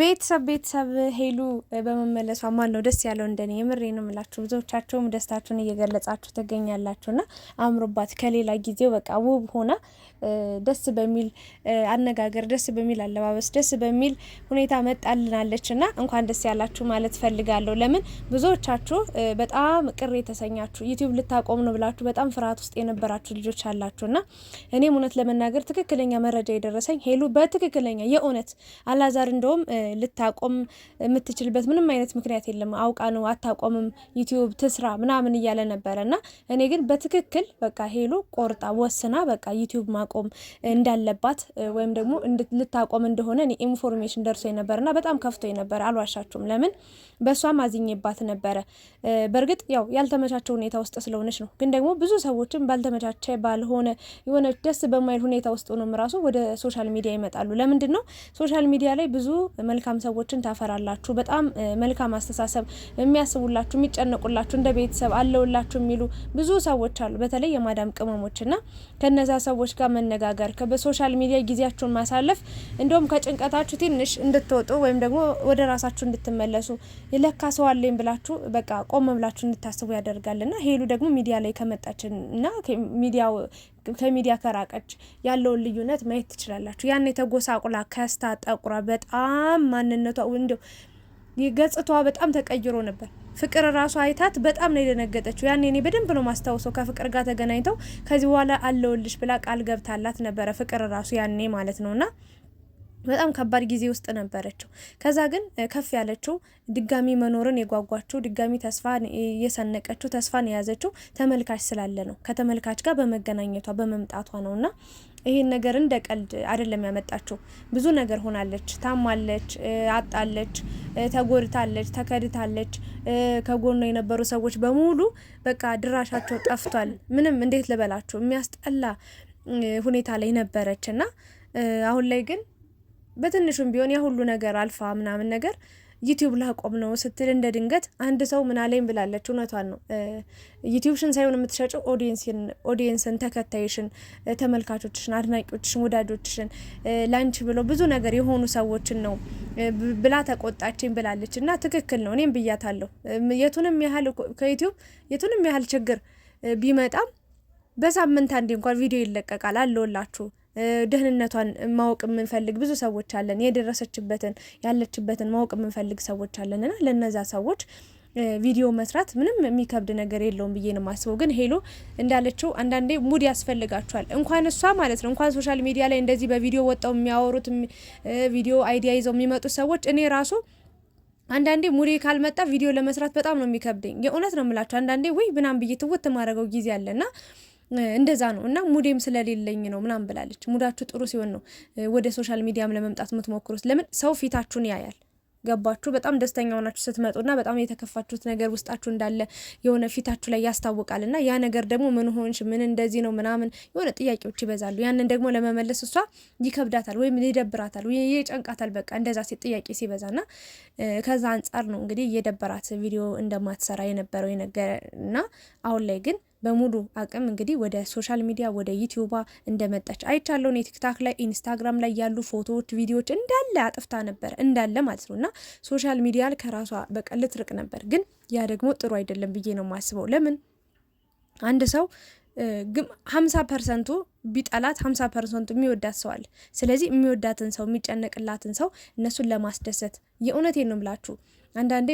ቤተሰብ ቤተሰብ ሄሉ በመመለሷ ማን ነው ደስ ያለው? እንደኔ የምሬ ነው ምላችሁ፣ ብዙዎቻችሁም ደስታችሁን እየገለጻችሁ ትገኛላችሁና አምሮባት ከሌላ ጊዜው በቃ ውብ ሆና ደስ በሚል አነጋገር፣ ደስ በሚል አለባበስ፣ ደስ በሚል ሁኔታ መጣልናለች እና እንኳን ደስ ያላችሁ ማለት ፈልጋለሁ። ለምን ብዙዎቻችሁ በጣም ቅር የተሰኛችሁ ዩቲዩብ ልታቆም ነው ብላችሁ በጣም ፍርሃት ውስጥ የነበራችሁ ልጆች አላችሁ እና እኔም እውነት ለመናገር ትክክለኛ መረጃ የደረሰኝ ሄሉ በትክክለኛ የእውነት አላዛር እንደውም ልታቆም የምትችልበት ምንም አይነት ምክንያት የለም አውቃ ነው አታቆምም ዩቲዩብ ትስራ ምናምን እያለ ነበረ እና እኔ ግን በትክክል በቃ ሄሉ ቆርጣ ወስና በቃ ዩቲዩብ ማቆም ማቆም እንዳለባት ወይም ደግሞ ልታቆም እንደሆነ ኢንፎርሜሽን ደርሶ ነበር በጣም ከፍቶ ነበር። አልዋሻችሁም። ለምን በእሷም አዝኜባት ነበረ። በእርግጥ ያው ያልተመቻቸው ሁኔታ ውስጥ ስለሆነች ነው። ግን ደግሞ ብዙ ሰዎችም ባልተመቻቸ ባልሆነ የሆነ ደስ በማይል ሁኔታ ውስጥ ሆኖም ራሱ ወደ ሶሻል ሚዲያ ይመጣሉ። ለምንድን ነው ሶሻል ሚዲያ ላይ ብዙ መልካም ሰዎችን ታፈራላችሁ። በጣም መልካም አስተሳሰብ የሚያስቡላችሁ፣ የሚጨነቁላችሁ፣ እንደ ቤተሰብ አለውላችሁ የሚሉ ብዙ ሰዎች አሉ። በተለይ የማዳም ቅመሞች ከነዛ ሰዎች ጋር መነጋገር፣ በሶሻል ሚዲያ ጊዜያችሁን ማሳለፍ እንደውም ከጭንቀታችሁ ትንሽ እንድትወጡ ወይም ደግሞ ወደ ራሳችሁ እንድትመለሱ ለካ ሰው አለኝ ብላችሁ በቃ ቆም ብላችሁ እንድታስቡ ና ሄሉ ደግሞ ሚዲያ ላይ ከመጣችን እና ሚዲያው ከሚዲያ ከራቀች ያለውን ልዩነት ማየት ትችላላችሁ። ያን የተጎሳቁላ ከስታ ጠቁራ በጣም ማንነቷ እንዲያው ገጽቷ በጣም ተቀይሮ ነበር። ፍቅር ራሱ አይታት በጣም ነው የደነገጠችው። ያኔ እኔ በደንብ ነው ማስታውሰው ከፍቅር ጋር ተገናኝተው ከዚህ በኋላ አለውልሽ ብላ ቃል ገብታላት ነበረ። ፍቅር ራሱ ያኔ ማለት ነውና በጣም ከባድ ጊዜ ውስጥ ነበረችው። ከዛ ግን ከፍ ያለችው ድጋሚ መኖርን የጓጓችው ድጋሚ ተስፋን የሰነቀችው ተስፋን የያዘችው ተመልካች ስላለ ነው። ከተመልካች ጋር በመገናኘቷ በመምጣቷ ነው እና ይህን ነገር እንደ ቀልድ አይደለም ያመጣችው። ብዙ ነገር ሆናለች፣ ታማለች፣ አጣለች፣ ተጎድታለች፣ ተከድታለች። ከጎኗ የነበሩ ሰዎች በሙሉ በቃ ድራሻቸው ጠፍቷል። ምንም እንዴት ልበላችሁ የሚያስጠላ ሁኔታ ላይ ነበረች እና አሁን ላይ ግን በትንሹም ቢሆን ያ ሁሉ ነገር አልፋ ምናምን ነገር ዩቲዩብ ላቆም ነው ስትል እንደ ድንገት አንድ ሰው ምናለኝ ብላለች። እውነቷን ነው። ዩቲዩብሽን ሳይሆን የምትሸጭው ኦዲየንስን፣ ተከታይሽን፣ ተመልካቾችሽን፣ አድናቂዎችሽን፣ ወዳጆችሽን ላንች ብሎ ብዙ ነገር የሆኑ ሰዎችን ነው ብላ ተቆጣችኝ ብላለች። እና ትክክል ነው። እኔም ብያታለሁ። የቱንም ያህል ከዩቲዩብ የቱንም ያህል ችግር ቢመጣም በሳምንት አንዴ እንኳን ቪዲዮ ይለቀቃል አለውላችሁ ደህንነቷን ማወቅ የምንፈልግ ብዙ ሰዎች አለን። የደረሰችበትን ያለችበትን ማወቅ የምንፈልግ ሰዎች አለንና ለነዛ ሰዎች ቪዲዮ መስራት ምንም የሚከብድ ነገር የለውም ብዬ ነው የማስበው። ግን ሄሎ እንዳለችው አንዳንዴ ሙድ ያስፈልጋቸዋል። እንኳን እሷ ማለት ነው እንኳን ሶሻል ሚዲያ ላይ እንደዚህ በቪዲዮ ወጣው የሚያወሩት ቪዲዮ አይዲያ ይዘው የሚመጡ ሰዎች እኔ ራሱ አንዳንዴ ሙዴ ካልመጣ ቪዲዮ ለመስራት በጣም ነው የሚከብደኝ። የእውነት ነው የምላቸው። አንዳንዴ ወይ ምናምን ብዬ ትውት ማድረገው ጊዜ አለና እንደዛ ነው እና ሙዴም ስለሌለኝ ነው ምናምን ብላለች። ሙዳችሁ ጥሩ ሲሆን ነው ወደ ሶሻል ሚዲያም ለመምጣት የምትሞክሩት። ለምን ሰው ፊታችሁን ያያል። ገባችሁ? በጣም ደስተኛ ሆናችሁ ስትመጡና በጣም የተከፋችሁት ነገር ውስጣችሁ እንዳለ የሆነ ፊታችሁ ላይ ያስታውቃል። እና ያ ነገር ደግሞ ምን ሆንሽ፣ ምን እንደዚህ ነው ምናምን የሆነ ጥያቄዎች ይበዛሉ። ያንን ደግሞ ለመመለስ እሷ ይከብዳታል፣ ወይም ይደብራታል፣ ወይ ይጨንቃታል። በቃ እንደዛ ሴት ጥያቄ ና ከዛ አንጻር ነው እንግዲህ የደበራት ቪዲዮ እንደማትሰራ የነበረው የነገረ እና አሁን ላይ ግን በሙሉ አቅም እንግዲህ ወደ ሶሻል ሚዲያ ወደ ዩቲዩባ እንደመጣች አይቻለሁ። ቲክታክ ላይ ኢንስታግራም ላይ ያሉ ፎቶዎች፣ ቪዲዮዎች እንዳለ አጥፍታ ነበር እንዳለ ማለት ነው እና ሶሻል ሚዲያ ከራሷ በቃ ልትርቅ ነበር። ግን ያ ደግሞ ጥሩ አይደለም ብዬ ነው የማስበው። ለምን አንድ ሰው ሀምሳ ፐርሰንቱ ቢጠላት ሀምሳ ፐርሰንቱ የሚወዳት ሰው አለ። ስለዚህ የሚወዳትን ሰው የሚጨነቅላትን ሰው እነሱን ለማስደሰት የእውነቴን ነው ምላችሁ አንዳንዴ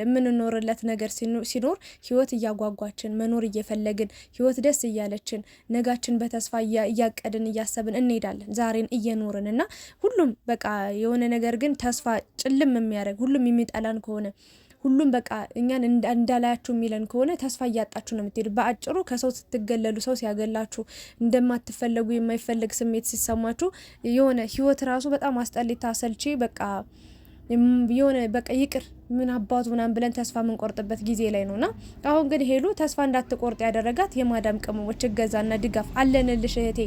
የምንኖርለት ነገር ሲኖር ህይወት እያጓጓችን መኖር እየፈለግን ህይወት ደስ እያለችን ነጋችን በተስፋ እያቀድን እያሰብን እንሄዳለን። ዛሬን እየኖርን እና ሁሉም በቃ የሆነ ነገር ግን ተስፋ ጭልም የሚያደርግ ሁሉም የሚጠላን ከሆነ ሁሉም በቃ እኛን እንዳላያችሁ የሚለን ከሆነ ተስፋ እያጣችሁ ነው የምትሄዱ። በአጭሩ ከሰው ስትገለሉ፣ ሰው ሲያገላችሁ፣ እንደማትፈለጉ የማይፈለግ ስሜት ሲሰማችሁ የሆነ ህይወት ራሱ በጣም አስጠሊታ፣ ሰልቼ በቃ የሆነ በቃ ይቅር ምን አባቱ ምናምን ብለን ተስፋ የምንቆርጥበት ጊዜ ላይ ና አሁን ግን ሄሉ ተስፋ እንዳትቆርጥ ያደረጋት የማዳም ቅመሞች እገዛና ድጋፍ አለንልሽ እህቴ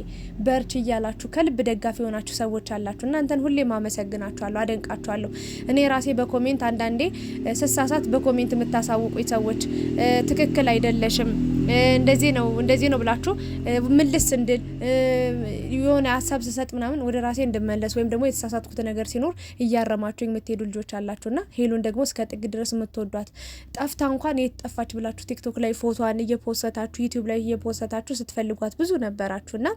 በርች እያላችሁ ከልብ ደጋፊ የሆናችሁ ሰዎች አላችሁ። እናንተን ሁሌም ማመሰግናችኋለሁ፣ አደንቃችኋለሁ። እኔ ራሴ በኮሜንት አንዳንዴ ስሳሳት በኮሜንት የምታሳውቁኝ ሰዎች ትክክል አይደለሽም እንደዚህ ነው እንደዚህ ነው ብላችሁ ምልስ እንድል የሆነ ሀሳብ ስሰጥ ምናምን ወደ ራሴ እንድመለስ ወይም ደግሞ የተሳሳትኩት ነገር ሲኖር እያረማችሁ የምትሄዱ ልጆች አላችሁና ሄሉን ደግሞ እስከ ጥግ ድረስ የምትወዷት ጠፍታ እንኳን የት ጠፋች ብላችሁ ቲክቶክ ላይ ፎቶዋን እየፖሰታችሁ ዩቲዩብ ላይ እየፖሰታችሁ ስትፈልጓት ብዙ ነበራችሁና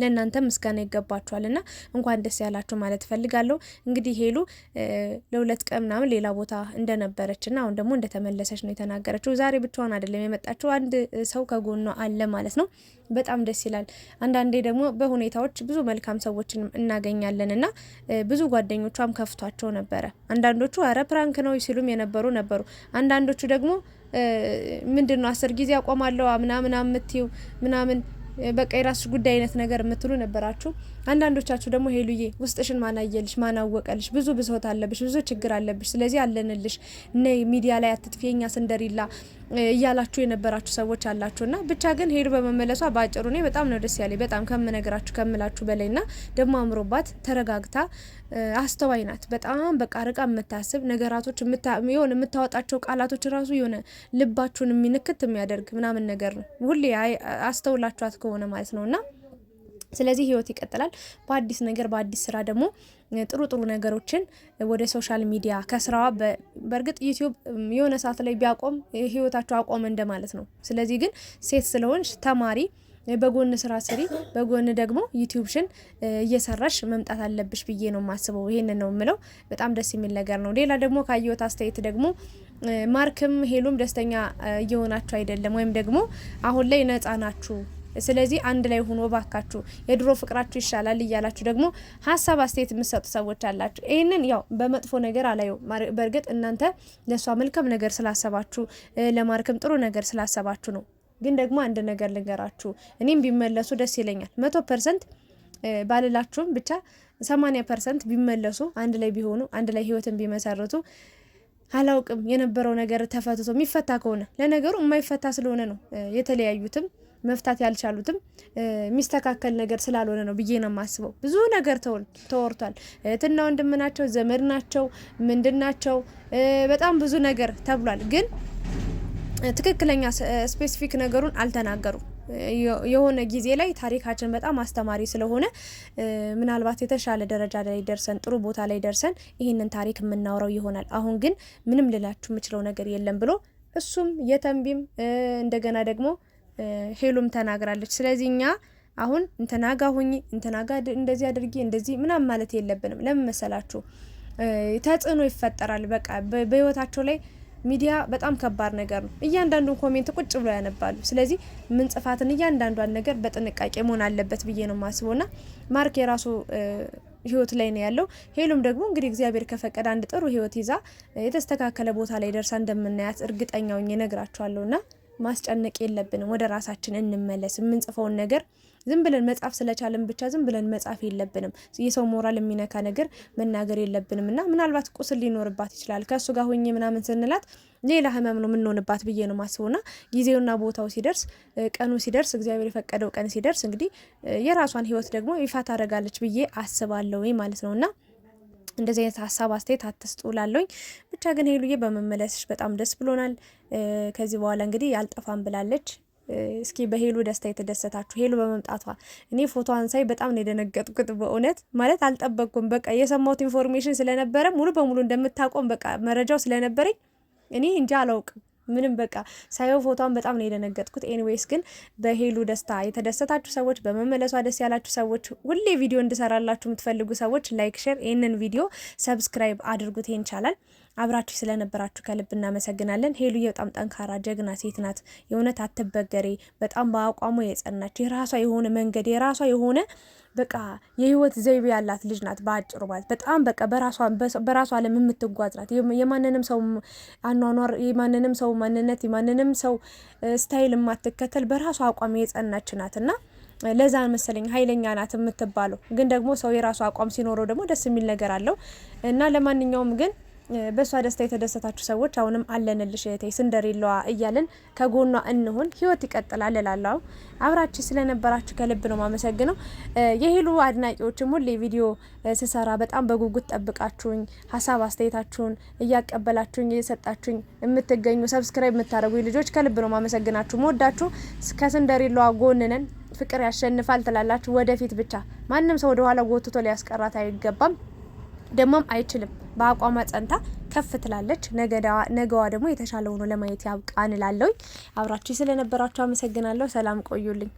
ለእናንተ ምስጋና ይገባችኋል እንኳን ደስ ያላችሁ ማለት እፈልጋለሁ። እንግዲህ ሄሉ ለሁለት ቀን ምናምን ሌላ ቦታ እንደነበረች እና አሁን ደግሞ እንደተመለሰች ነው የተናገረችው። ዛሬ ብቻዋን አይደለም የመጣችው፣ አንድ ሰው ከጎኗ አለ ማለት ነው። በጣም ደስ ይላል። አንዳንዴ ደግሞ በሁኔታዎች ብዙ መልካም ሰዎችን እናገኛለን እና ብዙ ጓደኞቿም ከፍቷቸው ነበረ። አንዳንዶቹ አረ ፕራንክ ነው ሲሉም የነበሩ ነበሩ። አንዳንዶቹ ደግሞ ምንድን ነው አስር ጊዜ አቆማለሁ ምናምን ምትው ምናምን በቃ የራስሽ ጉዳይ አይነት ነገር የምትሉ ነበራችሁ። አንዳንዶቻችሁ ደግሞ ሄሉዬ ውስጥሽን ማናየልሽ ማናወቀልሽ ብዙ ብሶት አለብሽ፣ ብዙ ችግር አለብሽ፣ ስለዚህ አለንልሽ፣ ነይ ሚዲያ ላይ አትጥፊ፣ የኛ ስንደሪላ እያላችሁ የነበራችሁ ሰዎች አላችሁና ብቻ ግን ሄዱ በመመለሷ በአጭሩ እኔ በጣም ነው ደስ ያለኝ። በጣም ከምነግራችሁ ከምላችሁ በላይ ና ደግሞ አምሮባት ተረጋግታ አስተዋይ ናት። በጣም በቃ ርቃ የምታስብ ነገራቶች የሆነ የምታወጣቸው ቃላቶች ራሱ የሆነ ልባችሁን የሚንክት የሚያደርግ ምናምን ነገር ነው። ሁሌ አስተውላችኋት ከሆነ ማለት ነው እና ስለዚህ ህይወት ይቀጥላል። በአዲስ ነገር በአዲስ ስራ ደግሞ ጥሩ ጥሩ ነገሮችን ወደ ሶሻል ሚዲያ ከስራዋ በእርግጥ ዩቲዩብ የሆነ ሰዓት ላይ ቢያቆም ህይወታቸው አቆመ እንደማለት ነው። ስለዚህ ግን ሴት ስለሆንሽ ተማሪ በጎን ስራ ስሪ፣ በጎን ደግሞ ዩቲዩብሽን እየሰራሽ መምጣት አለብሽ ብዬ ነው የማስበው። ይሄንን ነው የምለው። በጣም ደስ የሚል ነገር ነው። ሌላ ደግሞ ካየሁት አስተያየት ደግሞ ማርክም ሄሉም ደስተኛ እየሆናችሁ አይደለም፣ ወይም ደግሞ አሁን ላይ ነጻ ናችሁ ስለዚህ አንድ ላይ ሆኖ ባካችሁ የድሮ ፍቅራችሁ ይሻላል እያላችሁ ደግሞ ሀሳብ አስተያየት የምትሰጡ ሰዎች አላችሁ። ይህንን ያው በመጥፎ ነገር አላየው። በእርግጥ እናንተ ለእሷ መልካም ነገር ስላሰባችሁ፣ ለማርክም ጥሩ ነገር ስላሰባችሁ ነው። ግን ደግሞ አንድ ነገር ልንገራችሁ፣ እኔም ቢመለሱ ደስ ይለኛል። መቶ ፐርሰንት ባልላችሁም ብቻ ሰማኒያ ፐርሰንት ቢመለሱ አንድ ላይ ቢሆኑ አንድ ላይ ህይወትን ቢመሰርቱ አላውቅም የነበረው ነገር ተፈትቶ የሚፈታ ከሆነ ለነገሩ የማይፈታ ስለሆነ ነው የተለያዩትም መፍታት ያልቻሉትም የሚስተካከል ነገር ስላልሆነ ነው ብዬ ነው የማስበው። ብዙ ነገር ተወርቷል። እህትና ወንድም ናቸው፣ ዘመድ ናቸው፣ ምንድን ናቸው፣ በጣም ብዙ ነገር ተብሏል። ግን ትክክለኛ ስፔሲፊክ ነገሩን አልተናገሩም። የሆነ ጊዜ ላይ ታሪካችን በጣም አስተማሪ ስለሆነ ምናልባት የተሻለ ደረጃ ላይ ደርሰን ጥሩ ቦታ ላይ ደርሰን ይህንን ታሪክ የምናውረው ይሆናል። አሁን ግን ምንም ልላችሁ የምችለው ነገር የለም ብሎ እሱም የተንቢም እንደገና ደግሞ ሄሎም ተናግራለች። ስለዚህ እኛ አሁን እንተናጋ ሁኝ እንተናጋ እንደዚህ አድርጌ እንደዚህ ምናምን ማለት የለብንም። ለምን መሰላችሁ? ተጽዕኖ ይፈጠራል። በቃ በህይወታቸው ላይ ሚዲያ በጣም ከባድ ነገር ነው። እያንዳንዱን ኮሜንት ቁጭ ብሎ ያነባሉ። ስለዚህ ምን ጽፋትን እያንዳንዷን ነገር በጥንቃቄ መሆን አለበት ብዬ ነው ማስቦ ና ማርክ የራሱ ህይወት ላይ ነው ያለው። ሄሎም ደግሞ እንግዲህ እግዚአብሔር ከፈቀደ አንድ ጥሩ ህይወት ይዛ የተስተካከለ ቦታ ላይ ደርሳ እንደምናያት እርግጠኛውኝ ነግራችኋለሁ ና ማስጨነቅ የለብንም። ወደ ራሳችን እንመለስ። የምንጽፈውን ነገር ዝም ብለን መጻፍ ስለቻለን ብቻ ዝም ብለን መጻፍ የለብንም። የሰው ሞራል የሚነካ ነገር መናገር የለብንም እና ምናልባት ቁስል ሊኖርባት ይችላል ከእሱ ጋር ሆኜ ምናምን ስንላት ሌላ ህመም ነው የምንሆንባት ብዬ ነው ና ጊዜውና ቦታው ሲደርስ ቀኑ ሲደርስ እግዚአብሔር የፈቀደው ቀን ሲደርስ እንግዲህ የራሷን ህይወት ደግሞ ይፋ ታደርጋለች ብዬ አስባለሁ ማለት ነው እና እንደዚህ አይነት ሀሳብ አስተያየት አትስጡ ላለኝ ብቻ ግን ሄሉዬ በመመለስሽ በጣም ደስ ብሎናል። ከዚህ በኋላ እንግዲህ አልጠፋም ብላለች። እስኪ በሄሉ ደስታ የተደሰታችሁ ሄሉ በመምጣቷ እኔ ፎቶ አንሳይ በጣም ነው የደነገጥኩት። በእውነት ማለት አልጠበቅኩም። በቃ የሰማሁት ኢንፎርሜሽን ስለነበረ ሙሉ በሙሉ እንደምታቆም በቃ መረጃው ስለነበረኝ እኔ እንጂ አላውቅም ምንም በቃ ሳየው ፎቷን በጣም ነው የደነገጥኩት። ኤኒዌይስ ግን በሄሉ ደስታ የተደሰታችሁ ሰዎች፣ በመመለሷ ደስ ያላችሁ ሰዎች፣ ሁሌ ቪዲዮ እንድሰራላችሁ የምትፈልጉ ሰዎች ላይክ፣ ሼር፣ ይህንን ቪዲዮ ሰብስክራይብ አድርጉት ቻላል አብራችሁ ስለነበራችሁ ከልብ እናመሰግናለን። ሄሉ በጣም ጠንካራ ጀግና ሴት ናት። የእውነት አትበገሬ፣ በጣም በአቋሙ የጸናች የራሷ የሆነ መንገድ የራሷ የሆነ በቃ የህይወት ዘይቤ ያላት ልጅ ናት። በአጭሩ ማለት በጣም በቃ በራሷ ዓለም የምትጓዝ ናት። የማንንም ሰው አኗኗር፣ የማንንም ሰው ማንነት፣ የማንንም ሰው ስታይል የማትከተል በራሷ አቋም የጸናች ናት እና ለዛን መሰለኝ ኃይለኛ ናት የምትባለው። ግን ደግሞ ሰው የራሱ አቋም ሲኖረው ደግሞ ደስ የሚል ነገር አለው እና ለማንኛውም ግን በእሷ ደስታ የተደሰታችሁ ሰዎች አሁንም አለንልሽ እህቴ ስንደሬላዋ እያልን ከጎኗ እንሆን። ህይወት ይቀጥላል እላለሁ። አብራችሁ ስለነበራችሁ ከልብ ነው ማመሰግነው። የሄሉ አድናቂዎችም ሁሌ ቪዲዮ ስሰራ በጣም በጉጉት ጠብቃችሁኝ፣ ሀሳብ አስተያየታችሁን እያቀበላችሁኝ እየሰጣችሁኝ የምትገኙ ሰብስክራይብ የምታደርጉ ልጆች ከልብ ነው ማመሰግናችሁ። መወዳችሁ ከስንደሬላዋ ጎንነን ፍቅር ያሸንፋል ትላላችሁ። ወደፊት ብቻ ማንም ሰው ወደኋላ ጎትቶ ሊያስቀራት አይገባም፣ ደግሞም አይችልም። በአቋሟ ጸንታ ከፍ ትላለች። ነገዋ ደግሞ የተሻለ ሆኖ ለማየት ያብቃን እላለሁኝ። አብራችሁ ስለነበራችሁ አመሰግናለሁ። ሰላም ቆዩልኝ።